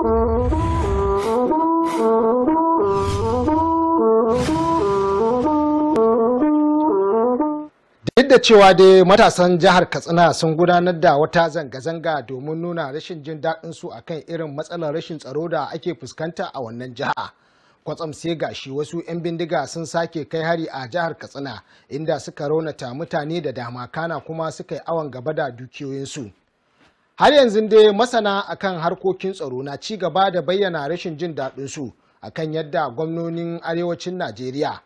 Duk da cewa dai matasan jihar Katsina sun gudanar da wata zanga-zanga domin nuna rashin jin daɗin su akan irin matsalar rashin tsaro da ake fuskanta a wannan jiha. Kwatsam sai gashi wasu 'yan bindiga sun sake kai hari a jihar Katsina inda suka raunata mutane da dama kana kuma suka yi awon gaba da dukiyoyinsu. har yanzu dai masana akan harkokin tsaro na ci gaba da bayyana rashin jin daɗin su akan yadda gwamnonin arewacin najeriya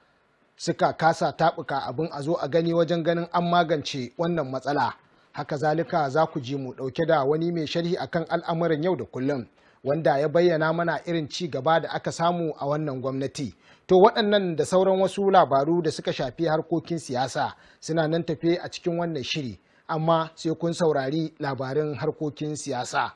suka kasa tabuka abin a zo a gani wajen ganin an magance wannan matsala haka zalika za ku ji mu ɗauke da wani mai sharhi akan al'amuran yau da kullum wanda ya bayyana mana irin ci gaba da aka samu a wannan gwamnati to waɗannan da sauran wasu labaru da suka shafi harkokin siyasa suna nan tafe a cikin wannan shiri amma sai kun saurari labarin harkokin siyasa.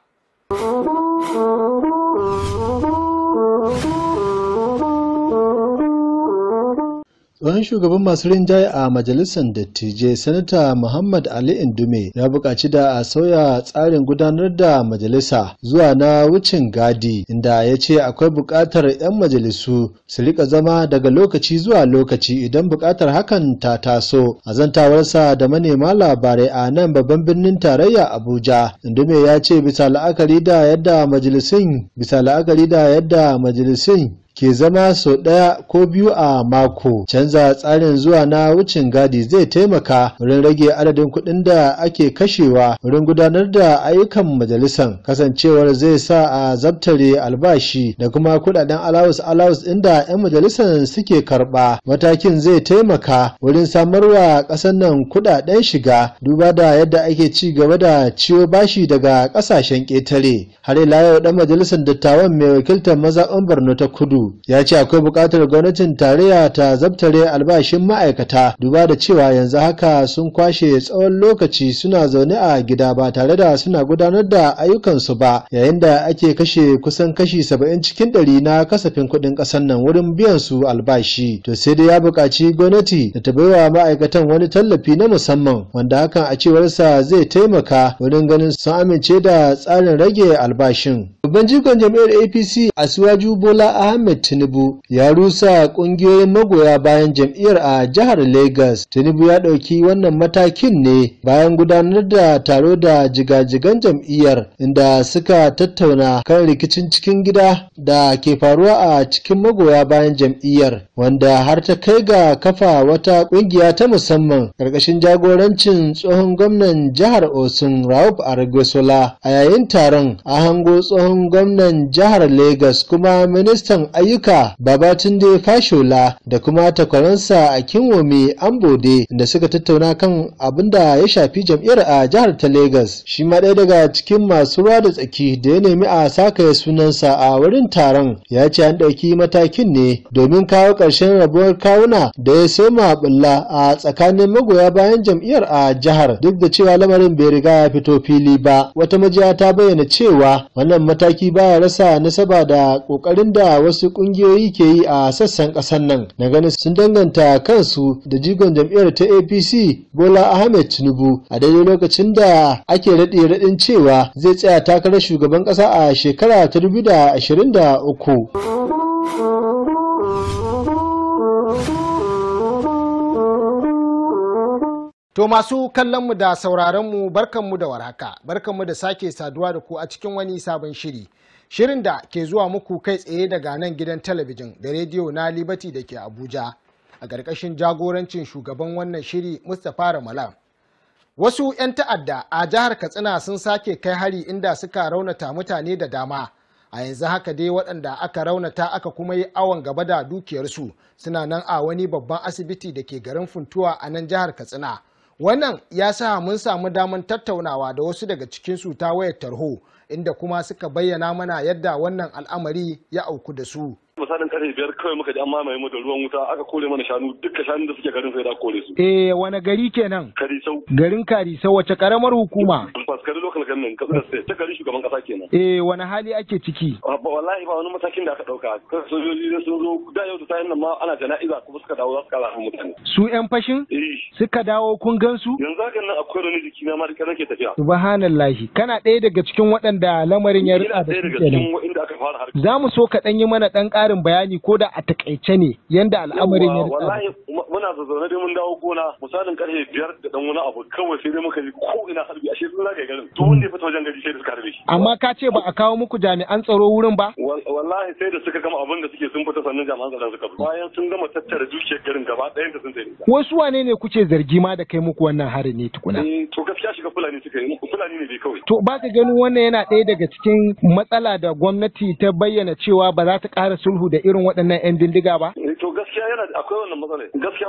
tsohon shugaban masu rinjaye a majalisar dattijai sanata muhammad ali indume ya buƙaci da a sauya tsarin gudanar da majalisa zuwa na wucin gadi inda ya ce akwai buƙatar 'yan majalisu su rika zama daga lokaci zuwa lokaci idan buƙatar hakan ta taso a zantawarsa da manema labarai a nan babban birnin tarayya abuja indume ya ce bisa la'akari da yadda majalisin bisa la'akari da yadda majalisun ke zama sau ɗaya ko biyu a mako. Canza tsarin zuwa na wucin gadi zai taimaka wurin rage adadin kuɗin da ake kashewa wurin gudanar da ayyukan majalisan kasancewar zai sa a zabtare albashi da kuma kuɗaɗen alawus alawus ɗin da 'yan majalisan suke karɓa. Matakin zai taimaka wurin samarwa ƙasar nan kuɗaɗen shiga duba da yadda ake ci gaba da ciwo bashi daga ƙasashen ƙetare. Har ila yau ɗan majalisar dattawan mai wakiltar mazaɓan Borno ta Kudu ya ce akwai buƙatar gwamnatin tarayya ta zabtare albashin ma'aikata duba da cewa yanzu haka sun kwashe tsawon lokaci suna zaune a gida ba tare da suna gudanar da ayyukansu ba yayin da ake kashe kusan kashi saba'in cikin ɗari na kasafin kuɗin ƙasar nan wurin biyan su albashi to sai dai ya buƙaci gwamnati da ta baiwa ma'aikatan wani tallafi na musamman wanda hakan a cewarsa zai taimaka wurin ganin sun amince da tsarin rage albashin. Babban jigon jam'iyyar APC Asiwaju Bola Ahmed Tinubu ya rusa kungiyoyin magoya bayan jam'iyyar a jihar Lagos. Tinubu ya ɗauki wannan matakin ne bayan gudanar da taro da jigajigan jam'iyyar inda suka tattauna kan rikicin cikin gida da ke faruwa a cikin magoya bayan jam'iyyar wanda har ta kai ga kafa wata kungiya ta musamman ƙarƙashin jagorancin tsohon gwamnan jihar Osun Rauf Aregesola a yayin taron a hango tsohon gwamnan jihar Lagos kuma ministan ayyuka Babatunde Fashola da kuma takwaransa a Kinwome Ambode da suka tattauna kan abin da ya shafi jam'iyyar a jihar ta Legas. Shi ma ɗaya daga cikin masu ruwa da tsaki da ya nemi a saka ya sunansa a wurin taron ya ce an ɗauki matakin ne domin kawo ƙarshen rabuwar kawuna da ya soma bulla a tsakanin magoya bayan jam'iyyar a jihar duk da cewa lamarin bai riga ya fito fili ba. Wata majiya ta bayyana cewa wannan mataki baya rasa nasaba da ƙoƙarin da wasu kungiyoyi ke yi a sassan kasar nan na ganin sun danganta kansu da jigon jam'iyyar ta apc bola ahmed tinubu a daidai lokacin da ake raɗe raɗin cewa zai tsaya takarar shugaban ƙasa a shekara ta da da ashirin uku. To masu kallon kallonmu da sauraronmu barkanmu da warhaka, barkanmu da sake saduwa da ku a cikin wani sabon shiri. Shirin da ke zuwa muku kai tsaye daga nan gidan talabijin da rediyo na libati da ke Abuja a ƙarƙashin jagorancin shugaban wannan shiri Mustapha Ramalan. Wasu 'yan ta'adda a jihar Katsina sun sake kai hari inda suka raunata mutane da dama. A yanzu haka dai waɗanda aka raunata aka kuma yi awon gaba da dukiyarsu suna nan a wani babban asibiti da ke garin Funtuwa a nan jihar Katsina. Wannan ya sa mun samu daman tattaunawa da wasu daga cikinsu ta wayar tarho inda kuma suka bayyana mana yadda wannan al'amari ya auku da su misalin karfe biyar kawai muka ji an mamaye mu da ruwan wuta aka kore mana shanu duka shanu da suke garin sai da kore su eh wani gari kenan karisau garin karisau wace karamar hukuma din nan kasar state ta gari shugaban kasa kenan eh wani hali ake ciki ah, ba wallahi ba wani matakin da aka dauka kan sojoji ne sun zo da yau ta yin nan ma ana jana'iza kuma suka dawo za su kala mutane su yan fashin eh. suka dawo kun gansu yanzu hakan nan akwai wani jiki na ma da nake tafiya subhanallahi kana ɗaya daga cikin waɗanda lamarin ya rika da su kenan za mu so ka ɗan yi mana ɗan ƙarin bayani ko da a taƙaice ne yanda al'amarin ya rika muna zazzaune dai mun dawo gona misalin karfe biyar da ɗan wani abu kawai sai dai muka yi ko ina harbi ashe sun zagaye garin to wanda ne fita wajen gari sai da suka harbe shi amma ka ce ba a kawo muku jami'an tsaro wurin ba wallahi sai da suka gama abin da suke sun fita sannan jami'an tsaron suka fita bayan sun gama tattara zuciyar garin gaba ɗayan da sun tsaye wasu wane ne kuke zargi ma da kai muku wannan hari ne tukuna eh, to gaskiya shiga fulani suka yi muku fulani ne bai kawai to ba ka ganin wannan yana ɗaya daga cikin matsala da gwamnati ta bayyana cewa ba za ta ƙara sulhu da irin waɗannan 'yan bindiga ba to gaskiya yana da akwai wannan matsalar gaskiya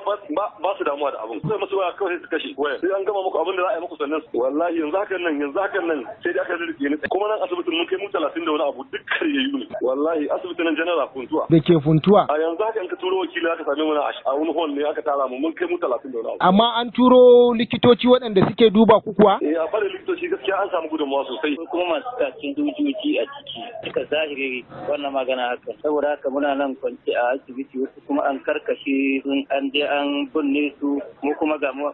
ba su damuwa da abin sai masu waya kawai su kashe waya sai an gama muku abin da za a yi muku sannan wallahi yanzu hakan nan yanzu hakan nan sai dai aka rike ni kuma nan asibitin mun kai mu 30 da wani abu duk yayi ne wallahi asibitin nan janara funtuwa da ke funtuwa a yanzu haka in ka turo wakili aka same mu na a wani hall ne aka tara mu mun kai mu 30 da wani abu amma an turo likitoci waɗanda suke duba ku kuwa eh a fara likitoci gaskiya an samu gudunmuwa sosai kuma masu tsakin dujoji a ciki suka zahiri wannan magana haka saboda haka muna nan kwanci a asibiti kuma an karkashe sun an je an binne su mu kuma ga mu a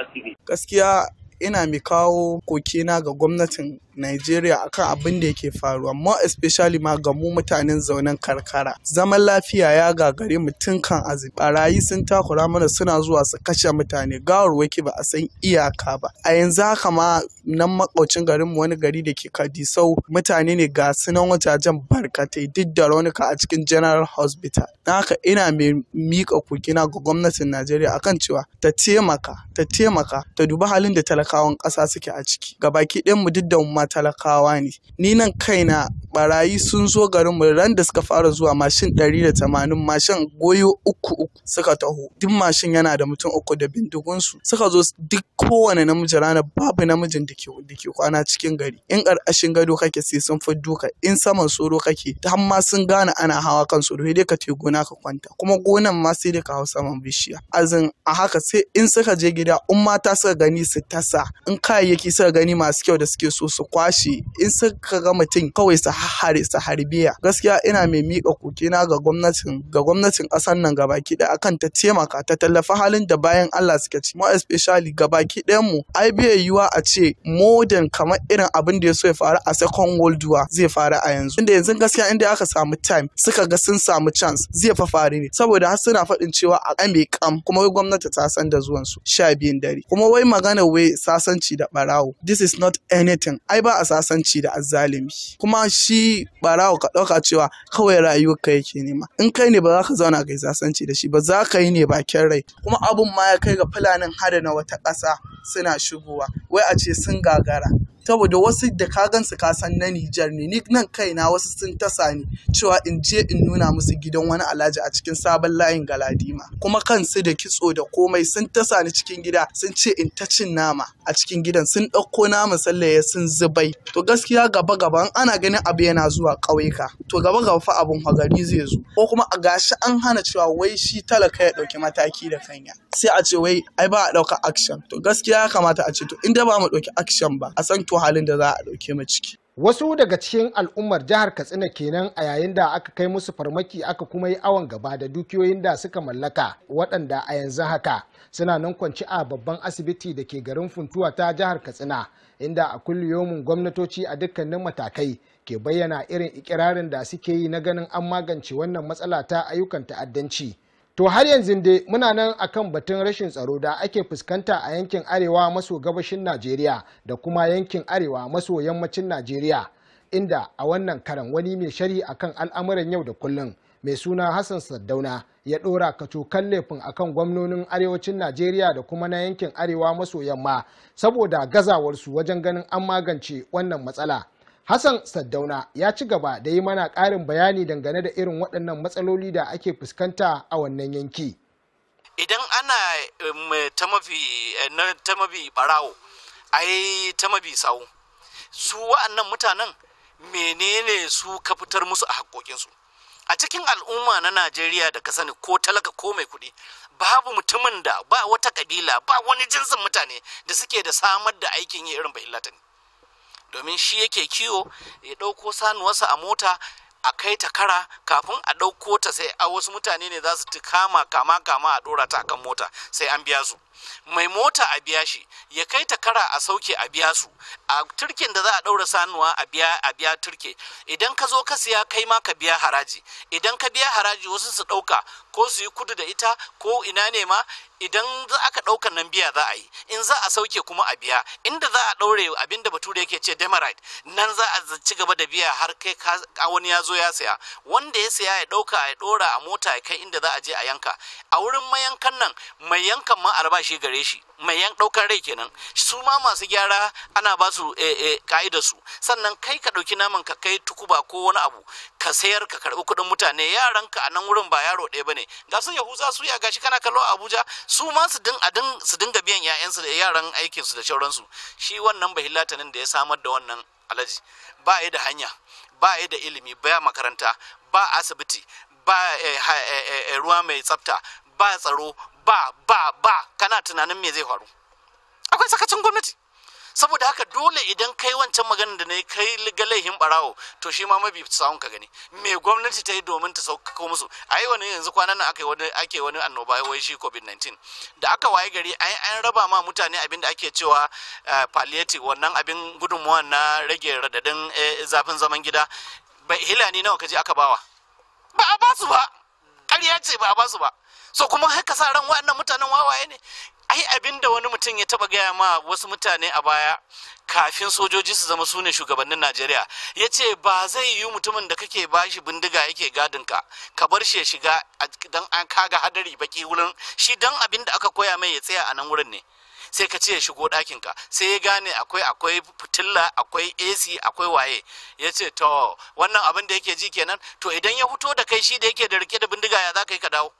asibiti gaskiya ina mai kawo kokena ga gwamnatin Najeriya akan abin da yake faruwa more especially ma ga mu mutanen zaunan karkara zaman lafiya ya gagare mu tun kan azumi barayi sun takura mana suna zuwa su kashe mutane gawarwaki ba a san iyaka ba a yanzu haka ma nan makaucin garin mu wani gari da ke Kadisau mutane ne ga sunan wajajen barkatai duk da raunuka a cikin General Hospital na haka ina mai mika kogina ga gwamnatin Najeriya akan cewa ta taimaka ta taimaka ta dubi halin da talakawan ƙasa suke a ciki gabaki ɗayan mu duk da talakawa ne ni nan kaina barayi sun zo garin mu ran da suka fara zuwa mashin ɗari da tamanin mashin goyo uku uku suka taho duk mashin yana da mutum uku da bindigunsu suka zo duk kowane namiji rana babu namijin da ke kwana cikin gari in karkashin gado kake sai sun fi duka in saman soro kake har ma sun gane ana hawa kan su dai ka te gona ka kwanta kuma gonan ma sai dai ka hau saman bishiya azin a haka sai in suka je gida in mata suka gani su tasa in kayayyaki suka gani masu kyau da suke so su kwashe in suka ga mutum kawai su hare su harbiya gaskiya ina mai mika na ga gwamnatin ga gwamnatin kasar nan gabaki ɗaya akan ta taimaka ta tallafa halin da bayan Allah suka ci Mu especially gabaki ɗayan mu ai bai a ce modern kamar irin abin da ya so ya faru a second world war zai faru a yanzu inda yanzu gaskiya inda aka samu time suka ga sun samu chance zai fa faru ne saboda har suna faɗin cewa a kame kam kuma wai gwamnati ta san da zuwansu su sha biyun dare kuma wai magana wai sasanci da barawo this is not anything ai ba a sasanci da azzalimi kuma shi barawo ka ɗauka cewa kawai rayuwar ka yake nema in kai ne ba za ka zauna kai sasanci da shi ba za ka yi ne bakin rai kuma abun ma ya kai ga fulanin hada na wata ƙasa suna shigowa wai a ce sun gagara saboda wasu da ka gansu ka san na Nijar ne ni nan kaina wasu sun tasa ni cewa in je in nuna musu gidan wani alhaji a cikin sabon layin galadima kuma kansu da kitso da komai sun tasa ni cikin gida sun ce in ta cin nama a cikin gidan sun ɗauko nama sallaya sun zubai to gaskiya gaba gaba ana ganin abu yana zuwa ƙauyuka to gaba gaba fa abun hagari zai zo ko kuma a gashi an hana cewa wai shi talaka ya ɗauki mataki da kanya sai a ce wai ai ba a ɗauka action to gaskiya ya kamata a ce to in dai ba mu ɗauki action ba a san to halin da za a ɗauke mu ciki wasu daga cikin al'ummar jihar katsina kenan a yayin da aka kai musu farmaki aka kuma yi awon gaba da dukiyoyin da suka mallaka waɗanda a yanzu haka suna nan kwanci a babban asibiti da ke garin funtuwa ta jihar katsina inda a kulliyomin gwamnatoci a dukkanin matakai ke bayyana irin ikirarin da suke yi na ganin an magance wannan matsala ta ayyukan ta'addanci to har yanzu dai muna nan akan batun rashin tsaro da ake fuskanta a yankin arewa maso gabashin najeriya da kuma yankin arewa maso yammacin najeriya inda a wannan karan wani mai shari akan al'amuran yau da kullun, mai suna hassan saddauna ya dora kacokan laifin akan gwamnonin arewacin najeriya da kuma na yankin arewa maso yamma saboda gazawarsu wajen ganin an magance wannan matsala Hassan Saddauna ya ci gaba da yi mana ƙarin bayani dangane da irin waɗannan matsaloli da ake fuskanta a wannan yanki. Idan ana um, ta mafi barawo, eh, ai ta mafi sau, su wa'annan mutanen menene su ka fitar musu a haƙoƙinsu. A cikin al'umma na Najeriya da ka sani ko talaka ko mai kuɗi, babu mutumin da ba wata ƙabila ba wani jinsin mutane da suke da samar da aikin yi irin bahillata ne. domin shi yake kiwo ya ɗauko sanuwarsa a mota a kai ta kara kafin a ɗauko ta sai a wasu mutane ne za su ti kama kama kama a ɗora ta akan mota sai an biya su mai mota a biya shi ya kai ta kara a sauke a biya su a turkin da za a ɗaura sanuwa a biya a biya turke idan ka zo ka siya kai ma ka biya haraji idan ka biya haraji wasu su ɗauka ko su yi kudu da ita ko ina ne ma idan za aka ɗaukar nan biya za a yi in za a sauke kuma a biya inda za a ɗaure abin da bature yake ce demerite nan za a ci gaba da biya har kai wani ya zo ya saya wanda ya saya ya ɗauka ya ɗora a mota ya kai inda za a je a yanka a wurin mayankan nan mai yankan ma albashi gare shi mai yan ɗaukar rai kenan su ma masu gyara ana ba su eh, eh, ka'idar su sannan kai ka ɗauki naman ka kai tukuba ko wani abu ka sayar ka karɓi kuɗin mutane yaran ka a nan wurin ba yaro ɗaya bane ga su yahuza su ya gashi kana kallo a abuja su ma su din su dinga biyan su da yaran aikin su da shauransu shi wannan nan da ya samar da wannan alaji ba da hanya ba da ilimi ba makaranta ba asibiti ba eh, ruwa mai tsafta ba tsaro ba ba ba kana tunanin me zai faru akwai sakacin gwamnati saboda haka dole idan kai wancan maganar da na kai ga laihin barawo to shi ma mabi tsawon ka gani me gwamnati ta yi domin ta sauƙaƙo musu A yi wani yanzu kwanan nan aka wani ake wani annoba wai shi covid-19 da aka waye gari an raba ma mutane abin da ake cewa eh, palliative wannan abin gudunmuwa na rage radadin eh, zafin zaman gida bai ni nawa kaje aka bawa ba a basu ba ƙarya ce ba a basu ba so kuma haka sa ran wa'annan mutanen wawaye ne ai abin da wani mutum ya taba gaya ma wasu mutane a baya kafin sojoji su zama sune shugabannin najeriya ya ce ba zai yi mutumin da kake bashi bindiga yake gadinka ka ka bar shi ya shiga don an kaga hadari baki wurin shi don abin da aka koya mai ya tsaya a nan wurin ne sai ka ce ya shigo ɗakinka sai ya gane akwai akwai fitilla akwai ac akwai waye ya ce to wannan abin da yake ji kenan to idan ya fito da kai shi da yake da rike da bindiga ya za ka yi ka dawo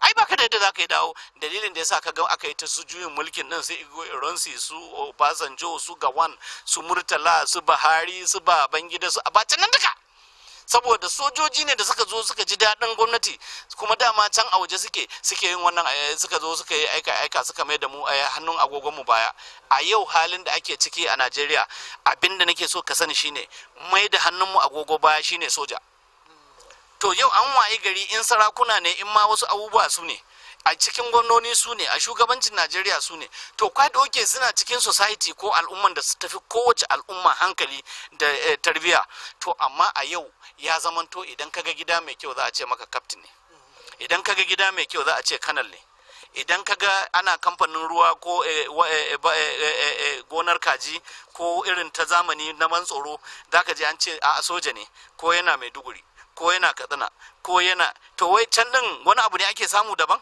ai baka da yadda za ka yi dawo dalilin da ya sa ka ga aka yi ta su juyin mulkin nan sai igwe ironsi su obasanjo su gawan su murtala su bahari su babangida su abacin nan duka saboda sojoji ne da suka zo suka ji daɗin gwamnati kuma dama can a waje suke suke yin wannan eh, suka zo suka yi aika aika suka mai da mu a eh, hannun agogon mu baya a yau halin da ake ciki a Najeriya abinda nake so ka sani shine mai da hannun mu agogo baya shine soja to yau an waye gari in sarakuna ne in ma wasu abubuwa su ne a cikin gwamnoni su ne a shugabancin najeriya su ne to kwa oke suna cikin society ko al'umman da su tafi kowace al'umma hankali da eh, tarbiyya to amma a yau ya zamanto idan kaga gida mai kyau za a ce maka kaftin ne idan kaga gida mai kyau za a ce kanal ne idan kaga ana kamfanin ruwa ko eh, eh, gonar kaji ko irin ta zamani na man tsoro za ka je an ce a soja ne ko yana mai duguri ko yana katsina ko yana to wai can din wani abu ne ake samu daban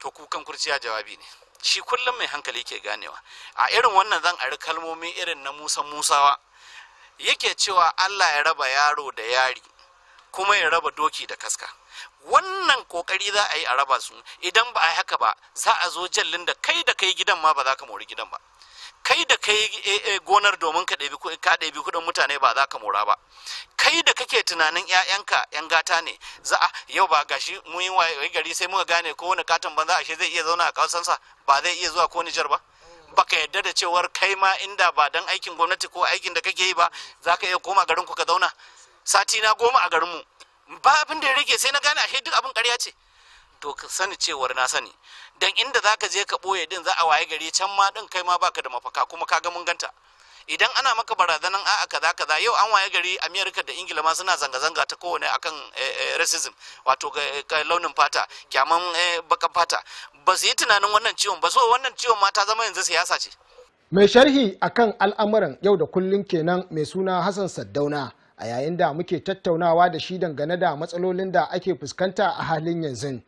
to kukan kurciya jawabi ne shi kullum mai hankali ke ganewa a irin wannan zan ari kalmomi irin na musa musawa yake cewa allah ya raba yaro da yari kuma ya raba doki da kaska wannan kokari za a yi a raba su idan ba a yi haka ba za a zo jallin da kai da kai gidan ma ba za ka mori gidan ba kai da kai eh, eh, gonar domin ka ɗabi kuɗin mutane ba za ka mora ba kai da kake tunanin yayanka yan gata ne za a yau ba gashi mun yi waye gari sai muka gane ko wani katon banza ashe zai iya zauna a sa ba zai iya zuwa ko Nijar ba baka yadda da cewar kai ma inda ba dan aikin gwamnati ko aikin da kake yi ba za ka iya koma garin ku ka zauna sati na goma a garinmu mu ba abin da ya rage sai na gane ashe duk abin ƙarya ce to sani cewar na sani dan inda zaka je ka boye din za a waye gari can ma din kai ma baka da mafaka kuma kaga mun ganta idan ana maka barazanan a'a kaza kaza yau an waye gari america da ingila ma suna zanga-zanga ta kowane akan eh, eh, racism wato launin fata kyaman eh, bakan fata ba su yi tunanin wannan ciwon ba so wannan ciwon ma ta zama yanzu siyasa ce mai sharhi akan al'amuran yau da kullun kenan mai suna hassan saddauna a yayin da muke tattaunawa da shi dangane da matsalolin da ake fuskanta a halin yanzu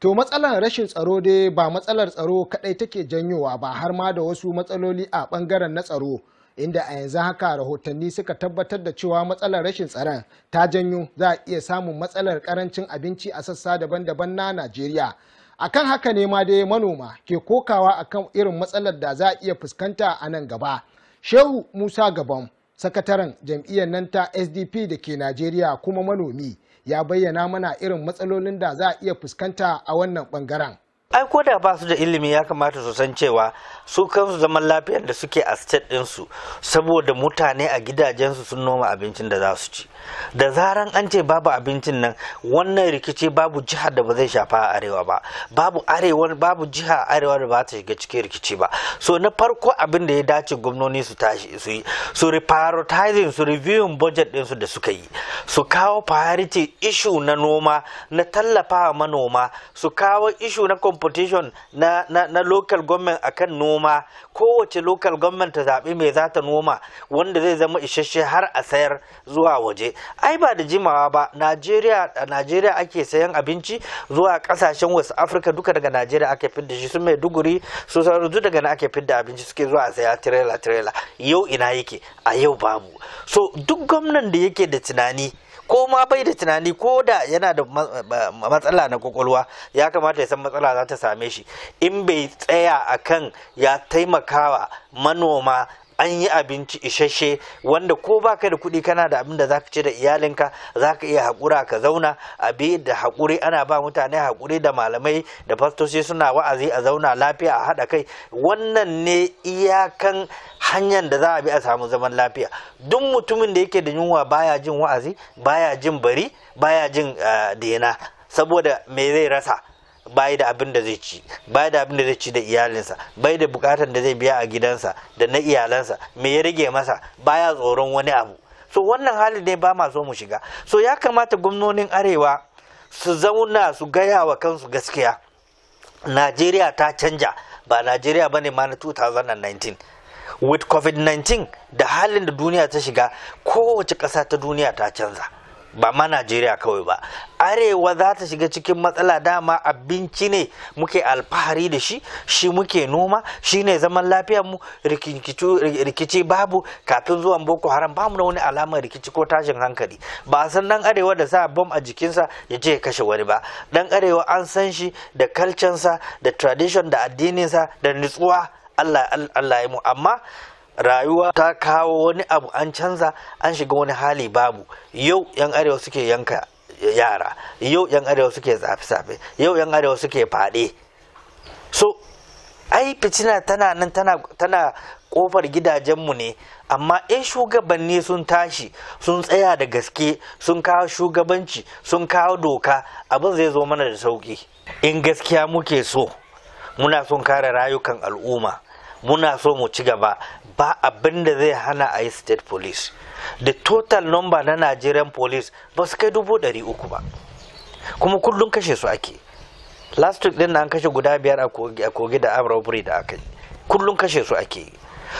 To matsalar rashin tsaro dai ba matsalar tsaro kadai take janyowa ba har ma da wasu matsaloli a bangaren na tsaro inda a yanzu haka rahotanni suka tabbatar da cewa matsalar rashin tsaron ta janyo za a iya samun matsalar karancin abinci a sassa daban-daban na Najeriya. Akan haka ne ma dai manoma ke kokawa akan irin matsalar da za a iya fuskanta a nan gaba. Shehu Musa Gabon, sakataren jam'iyyar nan ta SDP da ke Najeriya kuma manomi. ya bayyana mana irin matsalolin da za a iya fuskanta a wannan bangaren. ai ko da ba su da ilimi ya kamata su san cewa su kansu zaman lafiyar da suke a state ɗinsu saboda mutane a gidajensu sun noma abincin da za su ci da zaran an ce babu abincin nan wannan rikici babu jihar da ba zai shafa a arewa ba babu arewa babu jiha arewa da ba ta shiga cikin rikici ba so na farko abin da ya dace gwamnoni su tashi su yi su reprioritizing su reviewing budget ɗinsu da suka yi su kawo priority issue na noma na tallafawa manoma su kawo issue na competition na, na, na local government akan noma kowace local government ta zaɓi mai za ta noma wanda zai zama isasshe har a sayar zuwa waje ai ba da jimawa ba nigeria a najeriya ake sayan abinci zuwa ƙasashen wasu afirka duka daga Nigeria ake fidda shi su maiduguri su sauransu daga na ake fidda abinci suke zuwa a saya trailer trailer yau ina yake a yau babu so duk gwamnan da yake da tunani ko ma bai da tunani ko da yana da matsala na kwakwalwa ya kamata ya san matsala za ta same shi in bai tsaya akan ya taimakawa manoma an yi abinci isasshe wanda ko baka da kuɗi kana da abin da ka ce da iyalinka zaka iya haƙura ka zauna a bi da haƙuri ana ba mutane haƙuri da malamai da fastoci suna wa'azi a zauna lafiya a haɗa kai wannan ne iyakan hanyar da za a bi a samu zaman lafiya duk mutumin da yake da yunwa baya jin wa'azi baya jin bari baya jin eh, dena saboda me zai rasa bai da abin da zai ci bai da abin da zai ci da iyalinsa bai da bukatar da zai biya a gidansa da na iyalansa me ya rage masa baya tsoron wani abu so wannan halin ne ba ma so mu shiga so ya kamata gwamnonin arewa su zauna su gaya wa kansu gaskiya najeriya ta canja ba najeriya bane ma na 2019 with covid-19 da halin da duniya ta shiga kowace ƙasa ta duniya ta canza ba ma najeriya kawai ba arewa za ta shiga cikin matsala dama abinci ne muke alfahari da shi shi muke noma shi ne zaman lafiya mu rikici babu kafin zuwan boko haram bamu mu da wani alamar rikici ko tashin hankali ba a san dan arewa da sa bom a jikinsa ya je ya kashe wani ba dan arewa an san shi da kalcansa da tradition da addininsa da nutsuwa allah ya mu amma rayuwa ta kawo wani abu an canza an shiga wani hali babu yau yan arewa suke yanka yara yau yan arewa suke zafe-zafe yau yan arewa suke faɗe so ai fitina tana nan tana, tana kofar gidajenmu ne amma in shugabanni sun tashi sun tsaya da gaske sun kawo shugabanci sun kawo doka abin zai zo mana da sauki in gaskiya muke so muna son kare rayukan al'umma muna so mu ci gaba ba abin da zai hana a yi state police the total number na nigerian police ba su kai dubu ɗari uku ba kuma kullum kashe su ake last week din an kashe guda biyar a kogi da abu robbery da aka yi kullum kashe su ake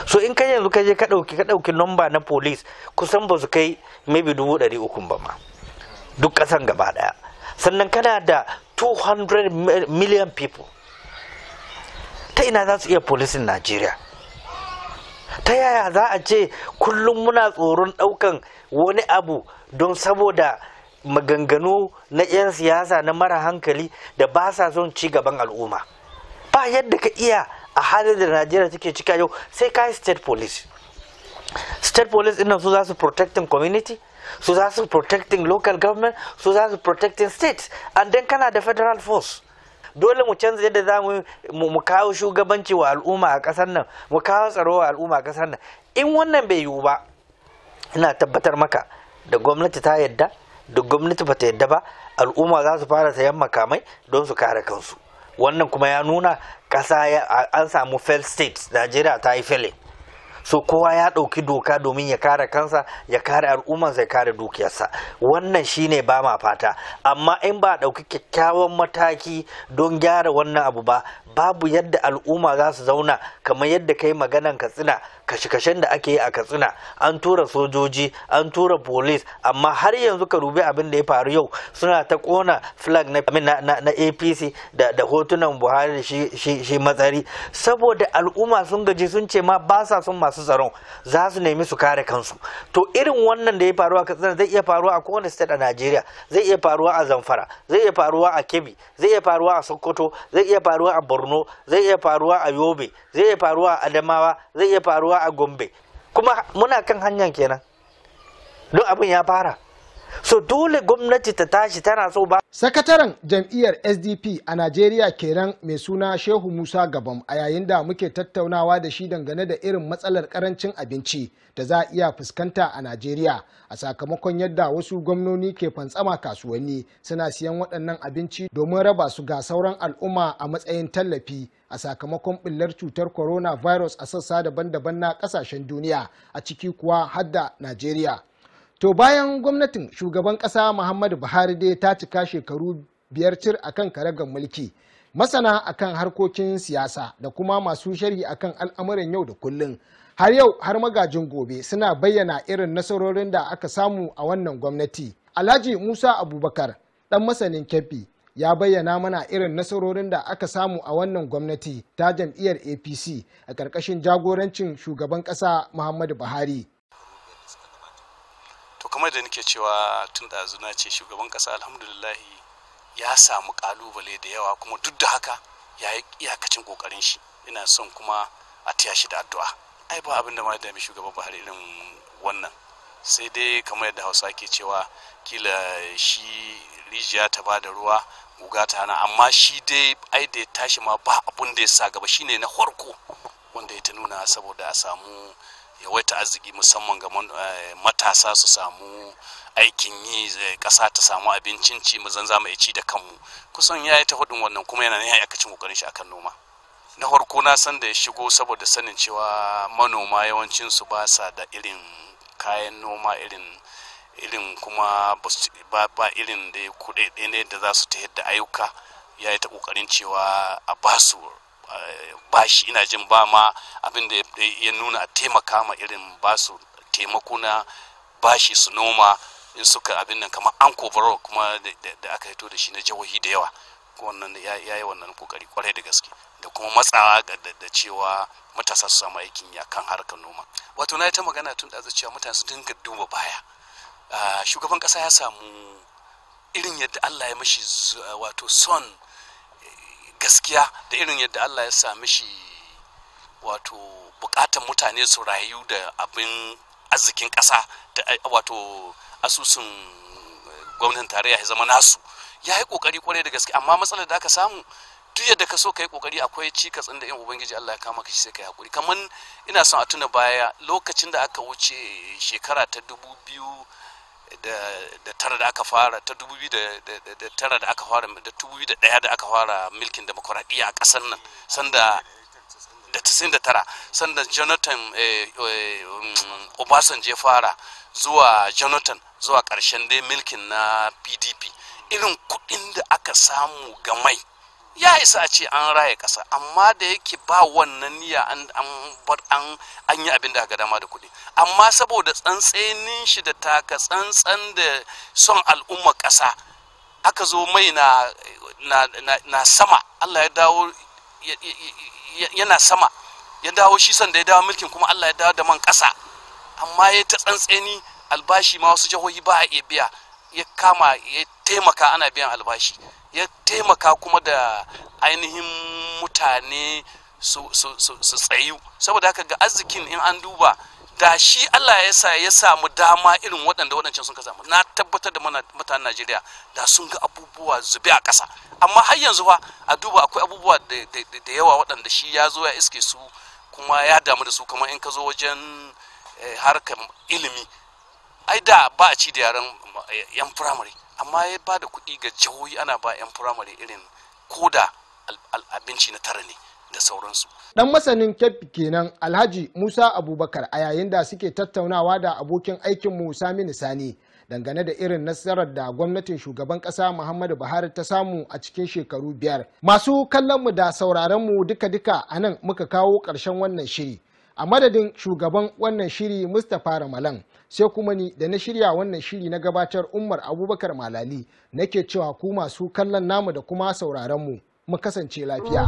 so in kai yanzu ka ɗauki ka ɗauki number na police kusan ba su kai maybe dubu ɗari uku ba ma duk ƙasan gaba ɗaya sannan kana da 200 million people ta ina za su iya polisin najeriya ta yaya za a ce kullum muna tsoron ɗaukan wani abu don saboda maganganu na 'yan siyasa na mara hankali da ba sa son ci gaban al'umma ba yadda ka iya a halin da najeriya take cika yau sai ka yi state police state police ɗin su za su protecting community su za su protecting local government su za su protecting state and then kana da federal force dole mu canza yadda za mu kawo shugabanci wa al'umma a ƙasar nan mu kawo tsaro wa al'umma a ƙasar nan in wannan bai yiwu ba ina tabbatar maka da gwamnati ta yadda da gwamnati ba ta yadda ba al'umma za su fara sayan makamai don su kare kansu wannan kuma ya nuna ƙasa an samu fail state najeriya ta yi failing so kowa ya ɗauki doka domin ya kare kansa ya kare al'ummarsa ya kare dukiyarsa wannan shine ba ma fata amma in ba ɗauki kyakkyawan mataki don gyara wannan abu ba babu yadda al'umma za su zauna kamar yadda kai maganan katsina kashe-kashen da ake yi a katsina an tura sojoji an tura police amma har yanzu ka rubi abin da ya faru yau suna ta kona flag na, apc da, hotunan buhari da shi, matsari saboda al'umma sun gaji sun ce ma ba sa son masu tsaron za su nemi su kare kansu to irin wannan da ya faru a katsina zai iya faruwa a kowane state a najeriya zai iya faruwa a zamfara zai iya faruwa a kebbi zai iya faruwa a sokoto zai iya faruwa a borno borno zai iya faruwa a yobe zai iya faruwa a adamawa zai iya faruwa a gombe kuma muna kan hanyar kenan don abin ya fara so dole gwamnati ta tashi tana so ba. sakataren jam'iyyar sdp a najeriya kenan mai suna shehu musa gabam a yayin da muke tattaunawa da shi dangane da irin matsalar karancin abinci da za a iya fuskanta a najeriya a sakamakon yadda wasu gwamnoni ke fantsama kasuwanni suna siyan waɗannan abinci domin raba su ga sauran al'umma a matsayin tallafi a sakamakon ɓillar cutar coronavirus a sassa daban-daban na ƙasashen duniya a ciki kuwa hadda najeriya to bayan gwamnatin shugaban ƙasa muhammadu buhari dai ta cika shekaru biyar cir akan karagar mulki masana akan harkokin siyasa da kuma masu sharhi akan al'amuran yau da kullun, har yau har magajin gobe suna bayyana irin nasarorin da aka samu a wannan gwamnati alhaji musa abubakar dan masanin kefi ya bayyana mana irin nasarorin da aka samu a wannan gwamnati ta jam'iyyar apc a ƙarƙashin jagorancin shugaban ƙasa muhammadu buhari kamar da nake cewa tun da na ce shugaban kasa alhamdulillah ya samu kalubale da yawa kuma duk da haka ya yi iyakacin kokarin shi ina son kuma a taya shi da addu'a ai ba abin da ma da shugaban buhari irin wannan sai dai kamar yadda hausa ke cewa kila shi rijiya ta ba da ruwa guga ta hana amma shi dai ai da ya tashi ma ba abun da ya sa gaba shine na farko wanda ya ta nuna saboda a samu yawaita arziki musamman ga eh, matasa su samu aikin yi kasa eh, ta samu abincin ci mu zanza mu ci da kanmu kusan ya yi ta hudun wannan kuma yana ne cin kokarin shi akan noma na farko na san da ya shigo saboda sanin cewa manoma yawancin su ba sa da irin kayan noma irin irin kuma ba irin da kuɗaɗe ne da za su ta yadda ayyuka ya yi ta kokarin cewa a basu bashi ina jin ba ma abin da ya nuna a taimaka ma irin ba su taimako na bashi su noma in suka abin nan kamar an kobaro kuma da aka hito da shi na jihohi da yawa wannan ya yi wannan kokari kwarai da gaske da kuma matsawa da cewa matasa su samu aikin ya kan harkar noma wato na yi ta magana tun da cewa mutane su dinga duba baya ah, shugaban kasa ya samu irin yadda allah ya mashi wato son gaskiya da irin yadda Allah ya sami shi wato bukatan mutane su rayu da abin arzikin ƙasa da wato asusun gwamnatin tarayya ya zama nasu ya yi ƙoƙari kwarai da gaske amma matsalar da aka samu duk yadda ka so ka yi ƙoƙari akwai cikas inda in ubangiji Allah ya kama ka shi sai ka yi haƙuri kamar ina son a tuna baya lokacin da aka wuce shekara ta dubu biyu da tara da aka fara ta dubu biyu da tara da aka fara da dubu biyu da ɗaya da aka fara milkin demokuraɗiyya a ƙasar nan sanda da tisin da tara sanda jonathan eh, eh, obasanjo fara zuwa jonathan zuwa ƙarshen dai milkin na pdp irin kuɗin da aka samu ga mai ya isa a ce an raya kasa, amma da yake ba wannan niyya an yi abin da aka dama da kuɗi amma saboda tsantsenin shi da taka tsantsan da son al'umma ƙasa aka zo mai na, sama allah ya dawo yana sama ya dawo shi da ya dawo mulkin kuma allah ya dawo da man kasa. amma ya ta tsantseni albashi ma wasu jihohi ba a iya biya ya kama ya taimaka ana biyan albashi ya taimaka kuma da ainihin mutane su tsayu saboda haka ga arzikin in an duba da shi Allah ya sa ya samu dama irin waɗanda waɗancan sun ka na tabbatar da mutanen Najeriya da sun ga abubuwa zube a ƙasa amma har yanzu fa a duba akwai abubuwa da yawa waɗanda shi ya zo ya iske su kuma ya damu da su kamar in ka zo wajen eh, harkar ilimi ai da ba a ci da yaran eh, yan firamare amma ya ba da kuɗi ga jihohi ana ba 'yan firamare irin ko da abinci na tara ne da sauransu. Dan masanin kyaf kenan Alhaji Musa Abubakar a yayin da suke tattaunawa da abokin aikin Musa Saminu Sani dangane da irin nasarar da gwamnatin shugaban ƙasa Muhammadu Buhari ta samu a cikin shekaru biyar. Masu kallonmu da sauraronmu duka-duka a nan muka kawo ƙarshen wannan shiri. a madadin shugaban wannan shiri mustapha ramalan sai kuma ni da na shirya wannan shiri na gabatar umar abubakar malali nake cewa ku masu kallon namu da kuma sauraron mu mu kasance lafiya